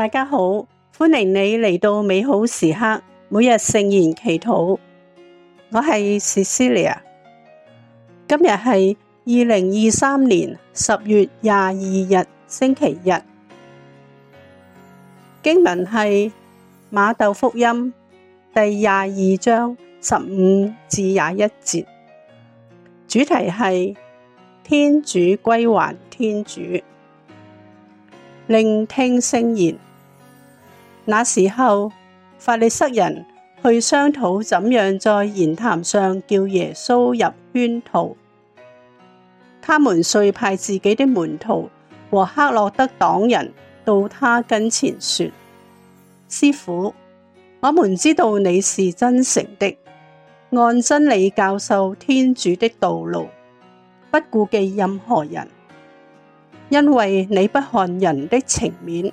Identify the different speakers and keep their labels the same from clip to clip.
Speaker 1: 大家好，歡迎你嚟到美好時刻，每日聖言祈禱。我係 Cecilia，今日係二零二三年十月廿二日星期日。經文係馬竇福音第廿二章十五至廿一節，主題係天主歸還天主，聆聽聖言。那時候，法利塞人去商討怎樣在言談上叫耶穌入圈套。他們遂派自己的門徒和黑落德黨人到他跟前說：師傅，我們知道你是真誠的，按真理教授天主的道路，不顧忌任何人，因為你不看人的情面。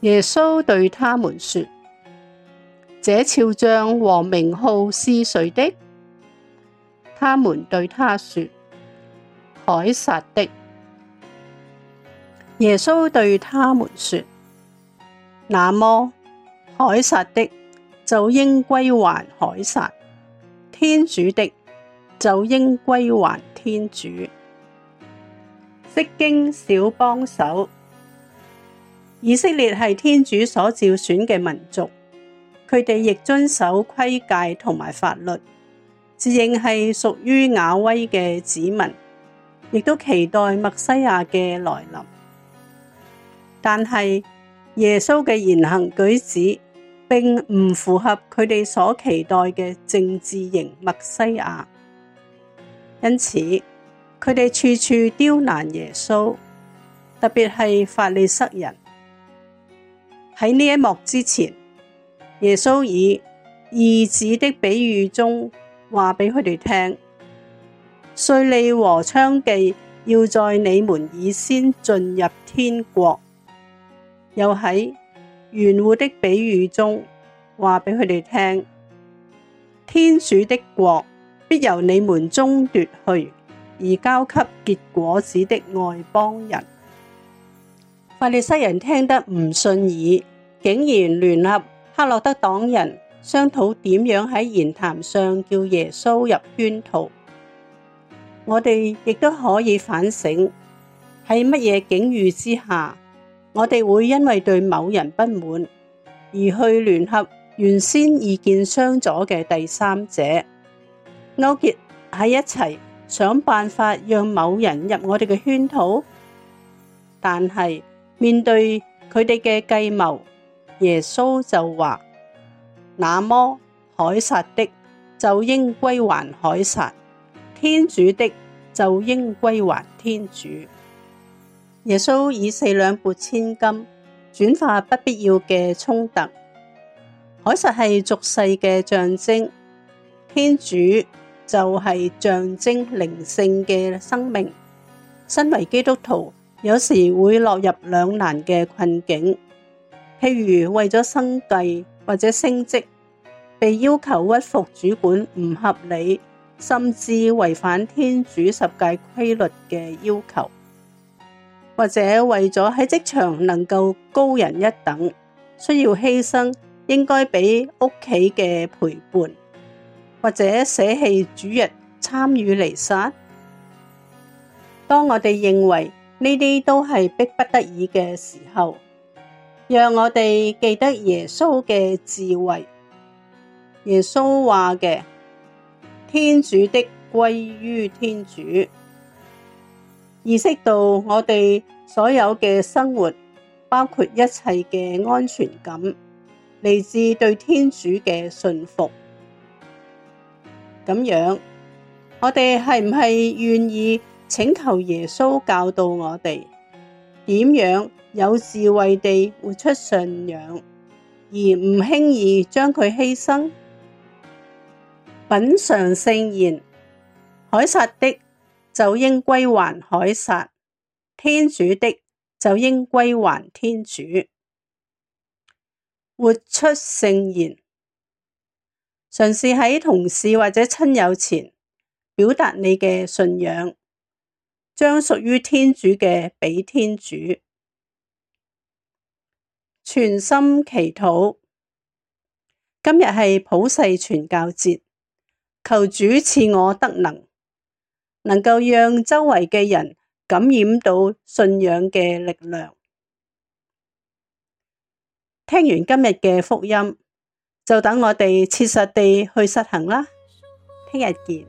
Speaker 1: 耶穌對他們說：這肖像和名號是誰的？他們對他說：凱撒的。耶穌對他們說：那麼，凱撒的就應歸還凱撒，天主的就應歸還天主。釋經小幫手。以色列係天主所召選嘅民族，佢哋亦遵守規誡同埋法律，自認係屬於雅威嘅子民，亦都期待默西亞嘅來臨。但係耶穌嘅言行舉止，並唔符合佢哋所期待嘅政治型默西亞，因此佢哋處處刁難耶穌，特別係法利塞人。喺呢一幕之前，耶穌以二子的比喻中話俾佢哋聽，稅吏和娼妓要在你們以先進入天國。又喺園戶的比喻中話俾佢哋聽，天主的國必由你們中奪去，而交給結果子的外邦人。法利塞人聽得唔順耳。竟然聯合黑落德黨人商討點樣喺言談上叫耶穌入圈套。我哋亦都可以反省喺乜嘢境遇之下，我哋會因為對某人不滿而去聯合原先意見相左嘅第三者勾結喺一齊，想辦法讓某人入我哋嘅圈套。但係面對佢哋嘅計謀。耶穌就話：「那麼，凱撒的就應歸還凱撒，天主的就應歸還天主。耶穌以四兩撥千金，轉化不必要嘅衝突。凱撒係俗世嘅象徵，天主就係象徵靈性嘅生命。身為基督徒，有時會落入兩難嘅困境。譬如為咗生計或者升職，被要求屈服主管唔合理，甚至違反天主十誡規律嘅要求；或者為咗喺職場能夠高人一等，需要犧牲應該俾屋企嘅陪伴，或者捨棄主日參與彌撒。當我哋認為呢啲都係逼不得已嘅時候，讓我哋記得耶穌嘅智慧。耶穌話嘅：天主的歸於天主。意識到我哋所有嘅生活，包括一切嘅安全感，嚟自對天主嘅信服。咁樣，我哋係唔係願意請求耶穌教導我哋點樣，有智慧地活出信仰，而唔輕易將佢犧牲。品嘗聖言，凱撒的就應歸還凱撒，天主的就應歸還天主。活出聖言，嘗試喺同事或者親友前表達你嘅信仰，將屬於天主嘅畀天主。全心祈禱，今日係普世傳教節，求主賜我德能，能夠讓周圍嘅人感染到信仰嘅力量。聽完今日嘅福音，就等我哋切實地去實行啦。聽日見。